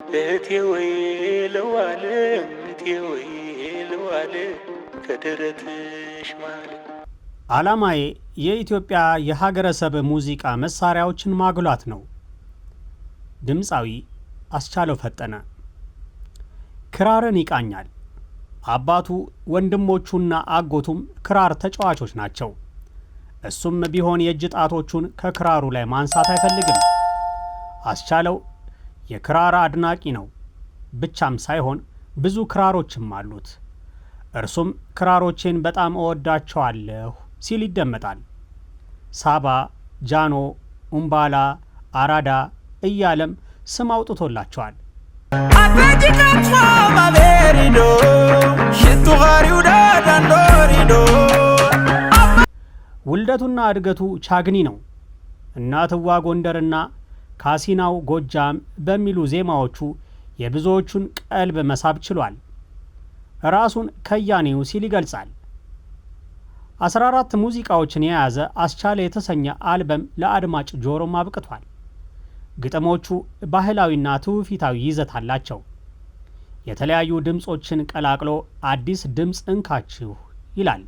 አላማዬ ወይ ለዋለ ወይ ለዋለ ከደረትሽ ማለ ዓላማዬ የኢትዮጵያ የሀገረሰብ ሙዚቃ መሳሪያዎችን ማጉላት ነው። ድምፃዊ አስቻለው ፈጠነ ክራርን ይቃኛል። አባቱ ወንድሞቹና አጎቱም ክራር ተጫዋቾች ናቸው። እሱም ቢሆን የእጅ ጣቶቹን ከክራሩ ላይ ማንሳት አይፈልግም። አስቻለው የክራር አድናቂ ነው ብቻም ሳይሆን ብዙ ክራሮችም አሉት። እርሱም ክራሮቼን በጣም እወዳቸዋለሁ ሲል ይደመጣል። ሳባ፣ ጃኖ፣ ኡምባላ፣ አራዳ እያለም ስም አውጥቶላቸዋል። ውልደቱና እድገቱ ቻግኒ ነው። እናትዋ ጎንደርና ካሲናው ጎጃም በሚሉ ዜማዎቹ የብዙዎቹን ቀልብ መሳብ ችሏል። ራሱን ከያኔው ሲል ይገልጻል። 14 ሙዚቃዎችን የያዘ አስቻለ የተሰኘ አልበም ለአድማጭ ጆሮም አብቅቷል። ግጥሞቹ ባህላዊና ትውፊታዊ ይዘት አላቸው። የተለያዩ ድምፆችን ቀላቅሎ አዲስ ድምፅ እንካችሁ ይላል።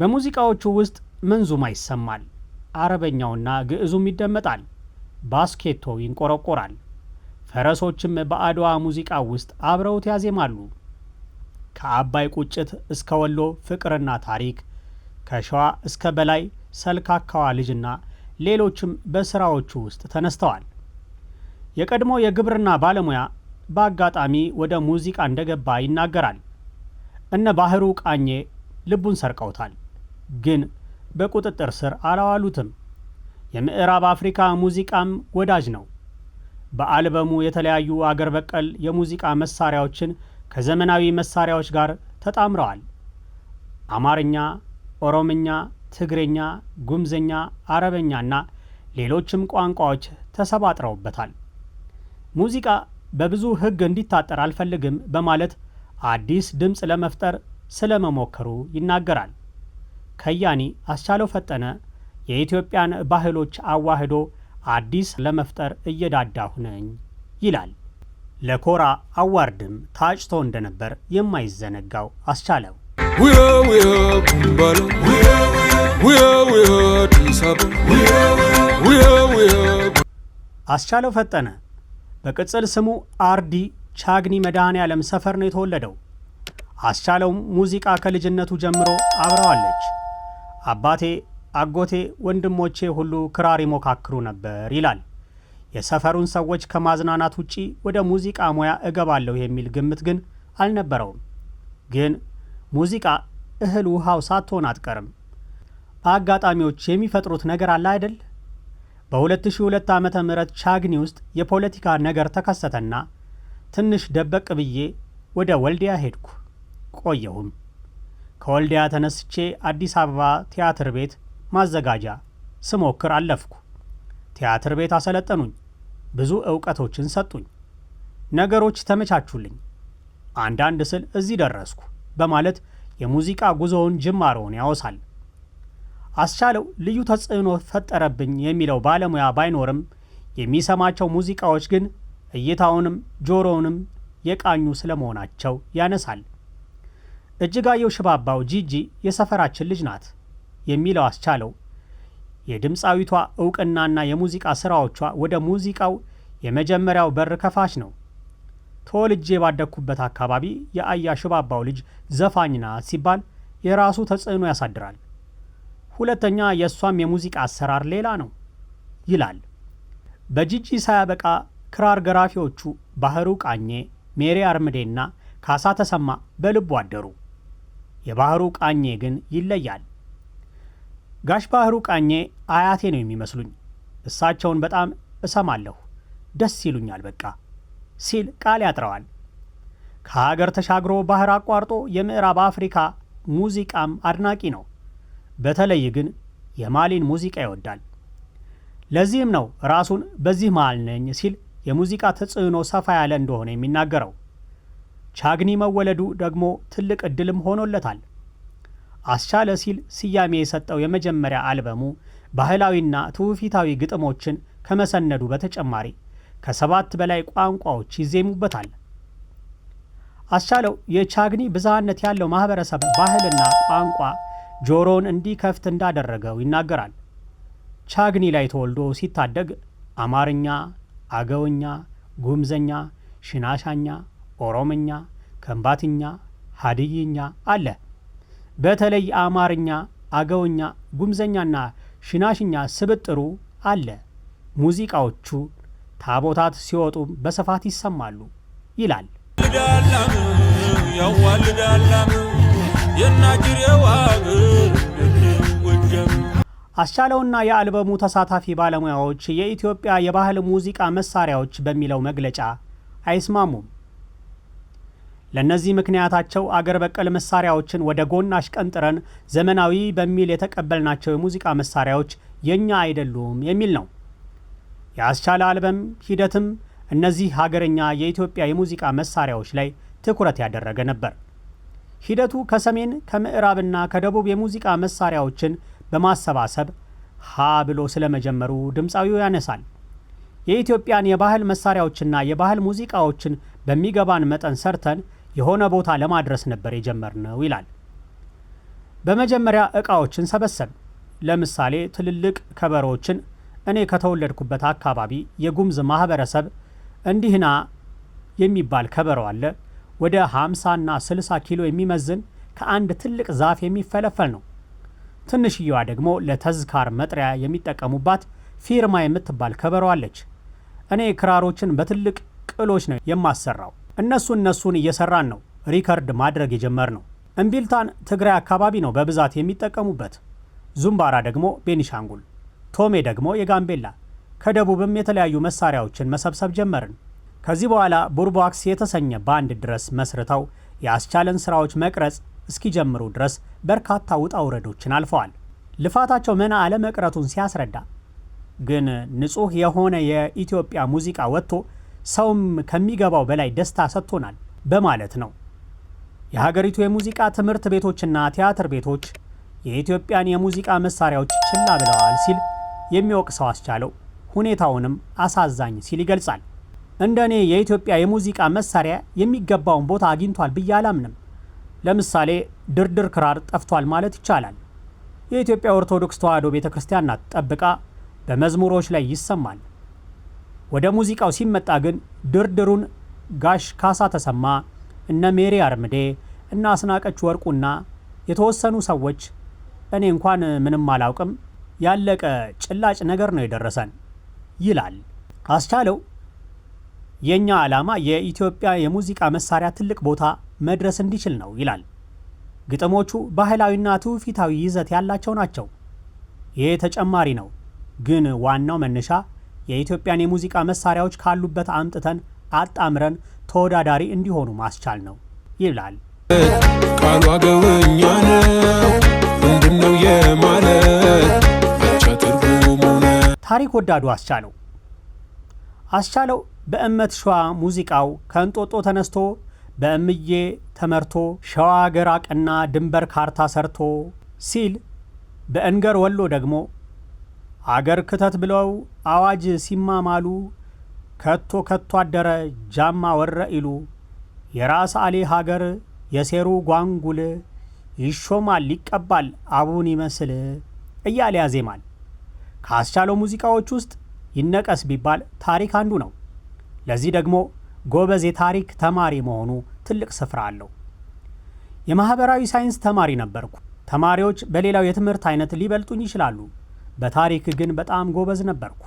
በሙዚቃዎቹ ውስጥ ምንዙማ ይሰማል፣ አረበኛውና ግዕዙም ይደመጣል። ባስኬቶ ይንቆረቆራል። ፈረሶችም በአድዋ ሙዚቃ ውስጥ አብረውት ያዜማሉ። ከአባይ ቁጭት እስከ ወሎ ፍቅርና ታሪክ፣ ከሸዋ እስከ በላይ ሰልካካዋ ልጅና ሌሎችም በስራዎቹ ውስጥ ተነስተዋል። የቀድሞ የግብርና ባለሙያ በአጋጣሚ ወደ ሙዚቃ እንደገባ ይናገራል። እነ ባህሩ ቃኜ ልቡን ሰርቀውታል፣ ግን በቁጥጥር ስር አላዋሉትም። የምዕራብ አፍሪካ ሙዚቃም ወዳጅ ነው። በአልበሙ የተለያዩ አገር በቀል የሙዚቃ መሳሪያዎችን ከዘመናዊ መሳሪያዎች ጋር ተጣምረዋል። አማርኛ፣ ኦሮምኛ፣ ትግርኛ፣ ጉምዝኛ፣ አረበኛና ሌሎችም ቋንቋዎች ተሰባጥረውበታል። ሙዚቃ በብዙ ሕግ እንዲታጠር አልፈልግም በማለት አዲስ ድምፅ ለመፍጠር ስለመሞከሩ ይናገራል። ከያኒ አስቻለው ፈጠነ የኢትዮጵያን ባህሎች አዋህዶ አዲስ ለመፍጠር እየዳዳሁ ነኝ ይላል። ለኮራ አዋርድም ታጭቶ እንደነበር የማይዘነጋው አስቻለው አስቻለው ፈጠነ በቅጽል ስሙ አርዲ ቻግኒ መድኃኔ ዓለም ሰፈር ነው የተወለደው። አስቻለውም ሙዚቃ ከልጅነቱ ጀምሮ አብረዋለች። አባቴ አጎቴ፣ ወንድሞቼ ሁሉ ክራር ይሞካክሩ ነበር ይላል። የሰፈሩን ሰዎች ከማዝናናት ውጪ ወደ ሙዚቃ ሙያ እገባለሁ የሚል ግምት ግን አልነበረውም። ግን ሙዚቃ እህል ውሃው ሳትሆን አትቀርም። አጋጣሚዎች የሚፈጥሩት ነገር አለ አይደል? በ2002 ዓ ም ቻግኒ ውስጥ የፖለቲካ ነገር ተከሰተና ትንሽ ደበቅ ብዬ ወደ ወልዲያ ሄድኩ። ቆየሁም። ከወልዲያ ተነስቼ አዲስ አበባ ቲያትር ቤት ማዘጋጃ ስሞክር አለፍኩ። ቲያትር ቤት አሰለጠኑኝ። ብዙ እውቀቶችን ሰጡኝ። ነገሮች ተመቻቹልኝ። አንዳንድ ስል እዚህ ደረስኩ በማለት የሙዚቃ ጉዞውን ጅማሮውን ያወሳል። አስቻለው ልዩ ተጽዕኖ ፈጠረብኝ የሚለው ባለሙያ ባይኖርም የሚሰማቸው ሙዚቃዎች ግን እይታውንም ጆሮውንም የቃኙ ስለመሆናቸው ያነሳል። እጅጋየሁ ሽባባው ጂጂ የሰፈራችን ልጅ ናት። የሚለው አስቻለው። የድምፃዊቷ እውቅናና የሙዚቃ ስራዎቿ ወደ ሙዚቃው የመጀመሪያው በር ከፋች ነው። ተወልጄ ባደግኩበት አካባቢ የአያ ሽባባው ልጅ ዘፋኝ ናት ሲባል የራሱ ተጽዕኖ ያሳድራል። ሁለተኛ የእሷም የሙዚቃ አሰራር ሌላ ነው ይላል። በጂጂ ሳያበቃ ክራር ገራፊዎቹ ባህሩ ቃኜ፣ ሜሪ አርምዴና ካሳ ተሰማ በልቡ አደሩ። የባህሩ ቃኜ ግን ይለያል። ጋሽ ባህሩ ቃኜ አያቴ ነው የሚመስሉኝ። እሳቸውን በጣም እሰማለሁ፣ ደስ ይሉኛል በቃ ሲል ቃል ያጥረዋል። ከሀገር ተሻግሮ ባህር አቋርጦ የምዕራብ አፍሪካ ሙዚቃም አድናቂ ነው። በተለይ ግን የማሊን ሙዚቃ ይወዳል። ለዚህም ነው ራሱን በዚህ መሃል ነኝ ሲል የሙዚቃ ተጽዕኖ ሰፋ ያለ እንደሆነ የሚናገረው። ቻግኒ መወለዱ ደግሞ ትልቅ ዕድልም ሆኖለታል። አስቻለ ሲል ስያሜ የሰጠው የመጀመሪያ አልበሙ ባህላዊና ትውፊታዊ ግጥሞችን ከመሰነዱ በተጨማሪ ከሰባት በላይ ቋንቋዎች ይዜሙበታል። አስቻለው የቻግኒ ብዝሃነት ያለው ማህበረሰብ ባህልና ቋንቋ ጆሮን እንዲከፍት እንዳደረገው ይናገራል። ቻግኒ ላይ ተወልዶ ሲታደግ አማርኛ፣ አገውኛ፣ ጉምዘኛ፣ ሽናሻኛ፣ ኦሮምኛ፣ ከምባትኛ፣ ሀድይኛ አለ። በተለይ አማርኛ፣ አገውኛ፣ ጉምዘኛና ሽናሽኛ ስብጥሩ አለ። ሙዚቃዎቹ ታቦታት ሲወጡም በስፋት ይሰማሉ ይላል። አስቻለውና የአልበሙ ተሳታፊ ባለሙያዎች የኢትዮጵያ የባህል ሙዚቃ መሳሪያዎች በሚለው መግለጫ አይስማሙም። ለእነዚህ ምክንያታቸው አገር በቀል መሳሪያዎችን ወደ ጎን አሽቀንጥረን ዘመናዊ በሚል የተቀበልናቸው የሙዚቃ መሳሪያዎች የእኛ አይደሉም የሚል ነው። የአስቻለ አልበም ሂደትም እነዚህ ሀገረኛ የኢትዮጵያ የሙዚቃ መሳሪያዎች ላይ ትኩረት ያደረገ ነበር። ሂደቱ ከሰሜን ከምዕራብና ከደቡብ የሙዚቃ መሳሪያዎችን በማሰባሰብ ሀ ብሎ ስለመጀመሩ ድምፃዊው ያነሳል። የኢትዮጵያን የባህል መሳሪያዎችና የባህል ሙዚቃዎችን በሚገባን መጠን ሰርተን የሆነ ቦታ ለማድረስ ነበር የጀመርነው ይላል። በመጀመሪያ እቃዎችን ሰበሰብ። ለምሳሌ ትልልቅ ከበሮዎችን እኔ ከተወለድኩበት አካባቢ የጉምዝ ማህበረሰብ እንዲህና የሚባል ከበሮ አለ። ወደ 50ና 60 ኪሎ የሚመዝን ከአንድ ትልቅ ዛፍ የሚፈለፈል ነው። ትንሽየዋ ደግሞ ለተዝካር መጥሪያ የሚጠቀሙባት ፊርማ የምትባል ከበሮ አለች። እኔ ክራሮችን በትልቅ ቅሎች ነው የማሰራው። እነሱ እነሱን እየሰራን ነው ሪከርድ ማድረግ የጀመር ነው። እምቢልታን ትግራይ አካባቢ ነው በብዛት የሚጠቀሙበት፣ ዙምባራ ደግሞ ቤኒሻንጉል፣ ቶሜ ደግሞ የጋምቤላ። ከደቡብም የተለያዩ መሳሪያዎችን መሰብሰብ ጀመርን። ከዚህ በኋላ ቡርቧክስ የተሰኘ ባንድ ድረስ መስርተው የአስቻለን ስራዎች መቅረጽ እስኪጀምሩ ድረስ በርካታ ውጣ ውረዶችን አልፈዋል። ልፋታቸው ምን አለመቅረቱን ሲያስረዳ ግን ንጹሕ የሆነ የኢትዮጵያ ሙዚቃ ወጥቶ ሰውም ከሚገባው በላይ ደስታ ሰጥቶናል በማለት ነው። የሀገሪቱ የሙዚቃ ትምህርት ቤቶችና ቲያትር ቤቶች የኢትዮጵያን የሙዚቃ መሳሪያዎች ችላ ብለዋል ሲል ሰው አስቻለው ሁኔታውንም አሳዛኝ ሲል ይገልጻል። እንደ እኔ የኢትዮጵያ የሙዚቃ መሳሪያ የሚገባውን ቦታ አግኝቷል ብዬ አላምንም። ለምሳሌ ድርድር ክራር ጠፍቷል ማለት ይቻላል። የኢትዮጵያ ኦርቶዶክስ ተዋሕዶ ቤተ ክርስቲያን ናት ጠብቃ በመዝሙሮች ላይ ይሰማል። ወደ ሙዚቃው ሲመጣ ግን ድርድሩን ጋሽ ካሳ ተሰማ፣ እነ ሜሪ አርምዴ እና አስናቀች ወርቁና የተወሰኑ ሰዎች እኔ እንኳን ምንም አላውቅም ያለቀ ጭላጭ ነገር ነው የደረሰን ይላል አስቻለው። የእኛ ዓላማ የኢትዮጵያ የሙዚቃ መሳሪያ ትልቅ ቦታ መድረስ እንዲችል ነው ይላል። ግጥሞቹ ባህላዊና ትውፊታዊ ይዘት ያላቸው ናቸው። ይሄ ተጨማሪ ነው፣ ግን ዋናው መነሻ የኢትዮጵያን የሙዚቃ መሳሪያዎች ካሉበት አምጥተን አጣምረን ተወዳዳሪ እንዲሆኑ ማስቻል ነው ይላል። ቃሉ አገውኛ ነው ምንድን ነው የማለት ታሪክ ወዳዱ አስቻለው አስቻለው በእመት ሸዋ ሙዚቃው ከእንጦጦ ተነስቶ በእምዬ ተመርቶ ሸዋ አገር አቀና ድንበር ካርታ ሰርቶ ሲል በእንገር ወሎ ደግሞ አገር ክተት ብለው አዋጅ ሲማማሉ ከቶ ከቶ አደረ ጃማ ወረ ኢሉ የራስ አሌ ሀገር የሴሩ ጓንጉል ይሾማል ይቀባል አቡን ይመስል እያለ ያዜማል። ካስቻለው ሙዚቃዎች ውስጥ ይነቀስ ቢባል ታሪክ አንዱ ነው። ለዚህ ደግሞ ጎበዝ የታሪክ ተማሪ መሆኑ ትልቅ ስፍራ አለው። የማኅበራዊ ሳይንስ ተማሪ ነበርኩ። ተማሪዎች በሌላው የትምህርት አይነት ሊበልጡኝ ይችላሉ። በታሪክ ግን በጣም ጎበዝ ነበርኩ።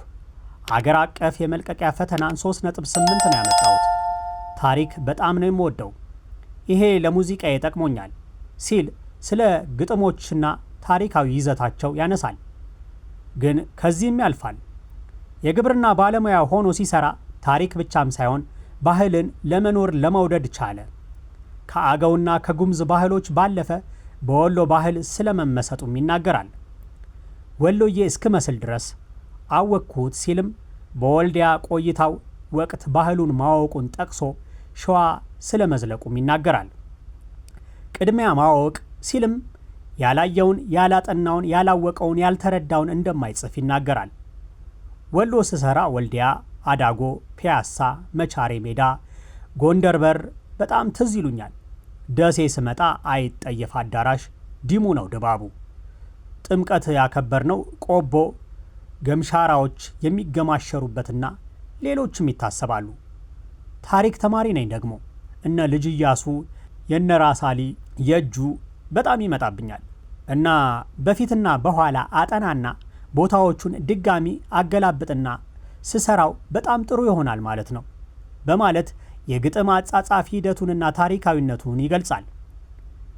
አገር አቀፍ የመልቀቂያ ፈተናን 3.8 ነው ያመጣሁት። ታሪክ በጣም ነው የምወደው፣ ይሄ ለሙዚቃ ይጠቅሞኛል ሲል ስለ ግጥሞችና ታሪካዊ ይዘታቸው ያነሳል። ግን ከዚህም ያልፋል። የግብርና ባለሙያ ሆኖ ሲሰራ ታሪክ ብቻም ሳይሆን ባህልን ለመኖር ለመውደድ ቻለ። ከአገውና ከጉምዝ ባህሎች ባለፈ በወሎ ባህል ስለመመሰጡም ይናገራል። ወሎዬ እስክመስል ድረስ አወቅኩት ሲልም በወልዲያ ቆይታው ወቅት ባህሉን ማወቁን ጠቅሶ ሸዋ ስለ መዝለቁም ይናገራል። ቅድሚያ ማወቅ ሲልም ያላየውን፣ ያላጠናውን፣ ያላወቀውን፣ ያልተረዳውን እንደማይጽፍ ይናገራል። ወሎ ስሰራ ወልዲያ፣ አዳጎ፣ ፒያሳ፣ መቻሬ ሜዳ፣ ጎንደር በር በጣም ትዝ ይሉኛል። ደሴ ስመጣ አይጠየፍ አዳራሽ ዲሙ ነው ድባቡ። ጥምቀት ያከበር ነው ቆቦ ገምሻራዎች የሚገማሸሩበትና ሌሎችም ይታሰባሉ። ታሪክ ተማሪ ነኝ ደግሞ እነ ልጅ እያሱ የነ ራሳሊ የእጁ በጣም ይመጣብኛል እና በፊትና በኋላ አጠናና ቦታዎቹን ድጋሚ አገላብጥና ስሰራው በጣም ጥሩ ይሆናል ማለት ነው በማለት የግጥም አጻጻፊ ሂደቱንና ታሪካዊነቱን ይገልጻል።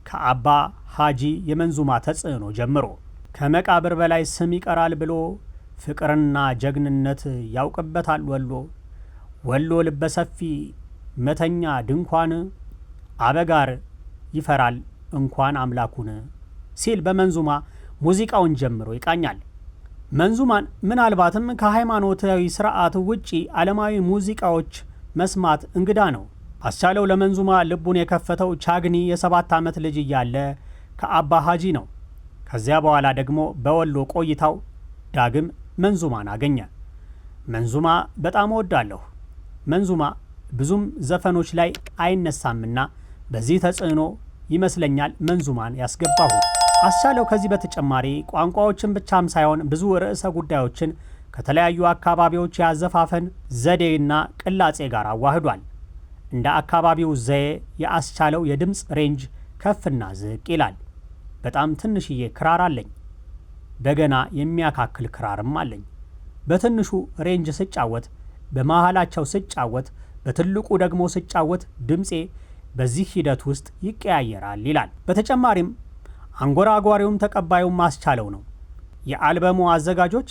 ከአባ ሐጂ የመንዙማ ተጽዕኖ ጀምሮ ከመቃብር በላይ ስም ይቀራል ብሎ ፍቅርና ጀግንነት ያውቅበታል ወሎ። ወሎ ልበሰፊ መተኛ ድንኳን አበጋር ይፈራል እንኳን አምላኩን ሲል በመንዙማ ሙዚቃውን ጀምሮ ይቃኛል። መንዙማን ምናልባትም ከሃይማኖታዊ ስርዓት ውጪ ዓለማዊ ሙዚቃዎች መስማት እንግዳ ነው። አስቻለው ለመንዙማ ልቡን የከፈተው ቻግኒ የሰባት ዓመት ልጅ እያለ ከአባ ሀጂ ነው። ከዚያ በኋላ ደግሞ በወሎ ቆይታው ዳግም መንዙማን አገኘ። መንዙማ በጣም እወዳለሁ። መንዙማ ብዙም ዘፈኖች ላይ አይነሳምና በዚህ ተጽዕኖ ይመስለኛል መንዙማን ያስገባሁት። አስቻለው ከዚህ በተጨማሪ ቋንቋዎችን ብቻም ሳይሆን ብዙ ርዕሰ ጉዳዮችን ከተለያዩ አካባቢዎች ያዘፋፈን ዘዴና ቅላጼ ጋር አዋህዷል። እንደ አካባቢው ዘዬ የአስቻለው የድምፅ ሬንጅ ከፍና ዝቅ ይላል። በጣም ትንሽዬ ክራር አለኝ። በገና የሚያካክል ክራርም አለኝ። በትንሹ ሬንጅ ስጫወት፣ በመሃላቸው ስጫወት፣ በትልቁ ደግሞ ስጫወት ድምፄ በዚህ ሂደት ውስጥ ይቀያየራል ይላል። በተጨማሪም አንጎራጓሪውም ተቀባዩም ማስቻለው ነው። የአልበሙ አዘጋጆች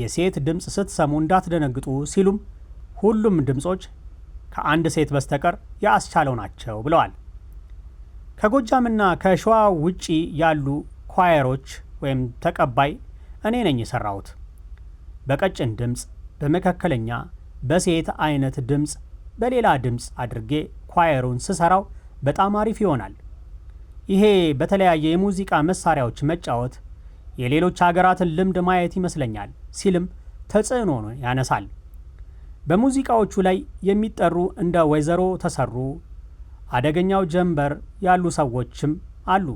የሴት ድምፅ ስትሰሙ እንዳትደነግጡ ሲሉም ሁሉም ድምፆች ከአንድ ሴት በስተቀር የአስቻለው ናቸው ብለዋል። ከጎጃምና ከሸዋ ውጪ ያሉ ኳየሮች ወይም ተቀባይ እኔ ነኝ የሰራሁት። በቀጭን ድምፅ፣ በመካከለኛ፣ በሴት አይነት ድምፅ፣ በሌላ ድምፅ አድርጌ ኳየሩን ስሰራው በጣም አሪፍ ይሆናል። ይሄ በተለያየ የሙዚቃ መሳሪያዎች መጫወት የሌሎች ሀገራትን ልምድ ማየት ይመስለኛል ሲልም ተጽዕኖ ያነሳል። በሙዚቃዎቹ ላይ የሚጠሩ እንደ ወይዘሮ ተሰሩ፣ አደገኛው ጀንበር ያሉ ሰዎችም አሉ።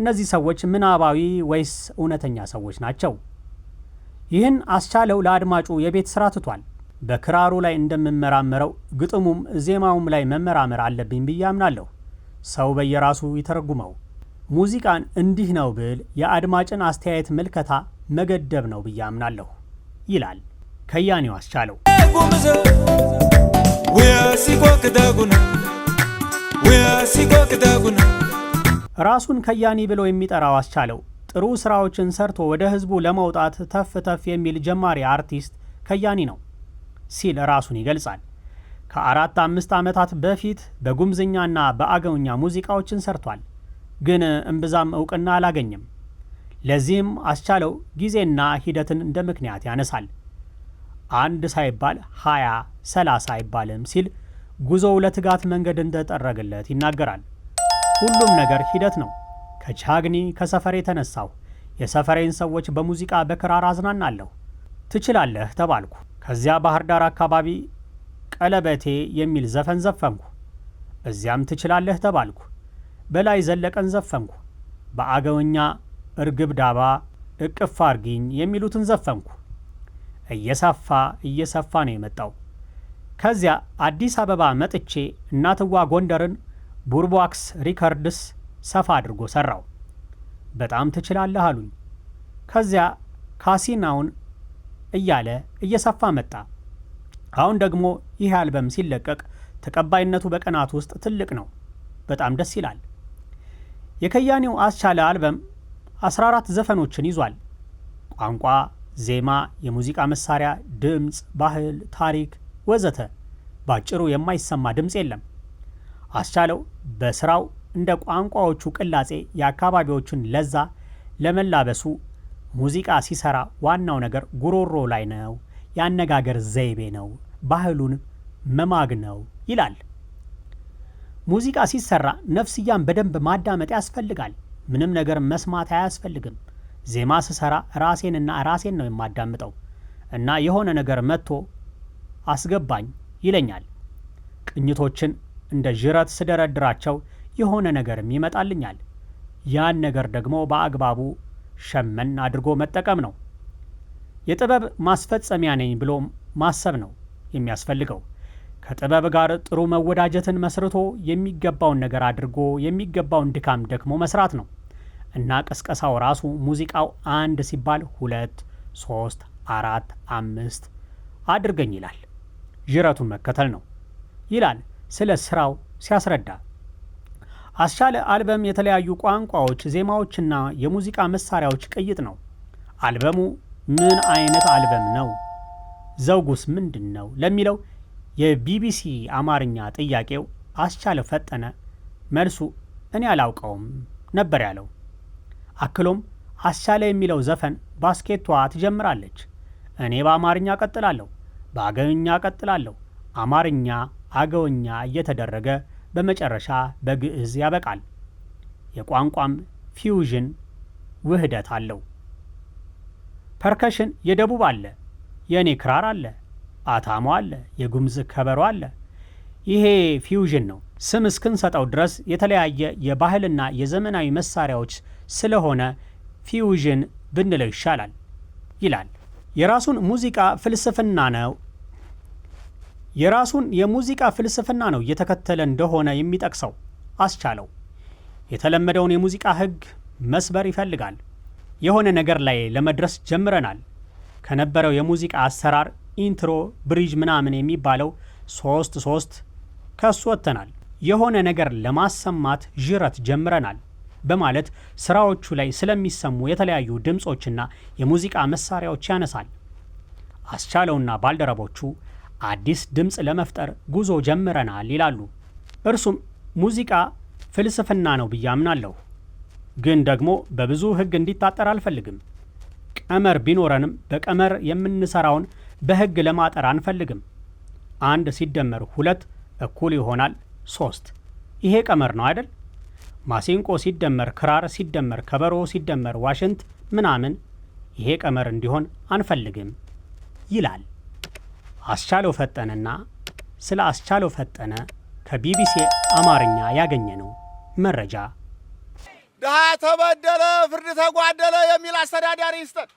እነዚህ ሰዎች ምናባዊ ወይስ እውነተኛ ሰዎች ናቸው? ይህን አስቻለው ለአድማጩ የቤት ስራ ትቷል። በክራሩ ላይ እንደምመራመረው ግጥሙም ዜማውም ላይ መመራመር አለብኝ ብዬ አምናለሁ። ሰው በየራሱ ይተረጉመው። ሙዚቃን እንዲህ ነው ብል የአድማጭን አስተያየት ምልከታ መገደብ ነው ብዬ አምናለሁ ይላል ከያኔው አስቻለው። ራሱን ከያኒ ብሎ የሚጠራው አስቻለው ጥሩ ስራዎችን ሰርቶ ወደ ህዝቡ ለመውጣት ተፍ ተፍ የሚል ጀማሪ አርቲስት ከያኒ ነው ሲል ራሱን ይገልጻል። ከአራት አምስት ዓመታት በፊት በጉምዝኛና በአገውኛ ሙዚቃዎችን ሰርቷል፣ ግን እምብዛም እውቅና አላገኘም። ለዚህም አስቻለው ጊዜና ሂደትን እንደ ምክንያት ያነሳል። አንድ ሳይባል ሃያ ሰላሳ አይባልም ሲል ጉዞው ለትጋት መንገድ እንደጠረገለት ይናገራል። ሁሉም ነገር ሂደት ነው። ከቻግኒ ከሰፈሬ የተነሳው የሰፈሬን ሰዎች በሙዚቃ በክራር አዝናናለሁ። ትችላለህ ተባልኩ። ከዚያ ባህር ዳር አካባቢ ቀለበቴ የሚል ዘፈን ዘፈንኩ። እዚያም ትችላለህ ተባልኩ። በላይ ዘለቀን ዘፈንኩ። በአገውኛ እርግብ ዳባ፣ እቅፍ አርጊኝ የሚሉትን ዘፈንኩ። እየሰፋ እየሰፋ ነው የመጣው። ከዚያ አዲስ አበባ መጥቼ እናትዋ ጎንደርን ቡርቧክስ ሪከርድስ ሰፋ አድርጎ ሰራው። በጣም ትችላለህ አሉኝ። ከዚያ ካሲናውን እያለ እየሰፋ መጣ። አሁን ደግሞ ይህ አልበም ሲለቀቅ ተቀባይነቱ በቀናት ውስጥ ትልቅ ነው። በጣም ደስ ይላል። የከያኔው አስቻለ አልበም 14 ዘፈኖችን ይዟል። ቋንቋ፣ ዜማ፣ የሙዚቃ መሳሪያ፣ ድምፅ፣ ባህል፣ ታሪክ ወዘተ ባጭሩ የማይሰማ ድምፅ የለም። አስቻለው በስራው እንደ ቋንቋዎቹ ቅላጼ የአካባቢዎቹን ለዛ ለመላበሱ ሙዚቃ ሲሰራ ዋናው ነገር ጉሮሮ ላይ ነው፣ የአነጋገር ዘይቤ ነው፣ ባህሉን መማግ ነው ይላል። ሙዚቃ ሲሰራ ነፍስያን በደንብ ማዳመጥ ያስፈልጋል። ምንም ነገር መስማት አያስፈልግም። ዜማ ስሰራ ራሴንና ራሴን ነው የማዳምጠው እና የሆነ ነገር መጥቶ አስገባኝ ይለኛል። ቅኝቶችን እንደ ዥረት ስደረድራቸው የሆነ ነገርም ይመጣልኛል። ያን ነገር ደግሞ በአግባቡ ሸመን አድርጎ መጠቀም ነው። የጥበብ ማስፈጸሚያ ነኝ ብሎ ማሰብ ነው የሚያስፈልገው። ከጥበብ ጋር ጥሩ መወዳጀትን መስርቶ የሚገባውን ነገር አድርጎ የሚገባውን ድካም ደክሞ መስራት ነው እና ቀስቀሳው ራሱ ሙዚቃው አንድ ሲባል ሁለት፣ ሶስት፣ አራት፣ አምስት አድርገኝ ይላል። ጅረቱን መከተል ነው ይላል ስለ ስራው ሲያስረዳ። አስቻለ አልበም የተለያዩ ቋንቋዎች፣ ዜማዎችና የሙዚቃ መሳሪያዎች ቅይጥ ነው። አልበሙ ምን አይነት አልበም ነው? ዘውጉስ ምንድን ነው? ለሚለው የቢቢሲ አማርኛ ጥያቄው አስቻለ ፈጠነ መልሱ እኔ አላውቀውም ነበር ያለው። አክሎም አስቻለ የሚለው ዘፈን ባስኬቷ ትጀምራለች፣ እኔ በአማርኛ ቀጥላለሁ በአገውኛ ቀጥላለሁ። አማርኛ፣ አገውኛ እየተደረገ በመጨረሻ በግዕዝ ያበቃል። የቋንቋም ፊውዥን ውህደት አለው። ፐርከሽን የደቡብ አለ፣ የእኔ ክራር አለ፣ አታሞ አለ፣ የጉምዝ ከበሮ አለ። ይሄ ፊውዥን ነው። ስም እስክንሰጠው ድረስ የተለያየ የባህልና የዘመናዊ መሳሪያዎች ስለሆነ ፊውዥን ብንለው ይሻላል ይላል። የራሱን ሙዚቃ ፍልስፍና ነው የራሱን የሙዚቃ ፍልስፍና ነው እየተከተለ እንደሆነ የሚጠቅሰው አስቻለው የተለመደውን የሙዚቃ ህግ መስበር ይፈልጋል። የሆነ ነገር ላይ ለመድረስ ጀምረናል። ከነበረው የሙዚቃ አሰራር ኢንትሮ፣ ብሪጅ ምናምን የሚባለው ሶስት ሶስት ከሱ ወጥተናል። የሆነ ነገር ለማሰማት ዥረት ጀምረናል። በማለት ስራዎቹ ላይ ስለሚሰሙ የተለያዩ ድምፆችና የሙዚቃ መሳሪያዎች ያነሳል። አስቻለውና ባልደረቦቹ አዲስ ድምፅ ለመፍጠር ጉዞ ጀምረናል ይላሉ። እርሱም ሙዚቃ ፍልስፍና ነው ብዬ አምናለሁ፣ ግን ደግሞ በብዙ ህግ እንዲታጠር አልፈልግም። ቀመር ቢኖረንም በቀመር የምንሰራውን በህግ ለማጠር አንፈልግም። አንድ ሲደመር ሁለት እኩል ይሆናል ሶስት። ይሄ ቀመር ነው አይደል? ማሲንቆ ሲደመር ክራር ሲደመር ከበሮ ሲደመር ዋሽንት ምናምን ይሄ ቀመር እንዲሆን አንፈልግም ይላል። አስቻለው ፈጠነና ስለ አስቻለው ፈጠነ ከቢቢሲ አማርኛ ያገኘነው መረጃ ድሃ ተበደለ፣ ፍርድ ተጓደለ የሚል አስተዳዳሪ ይስጠን።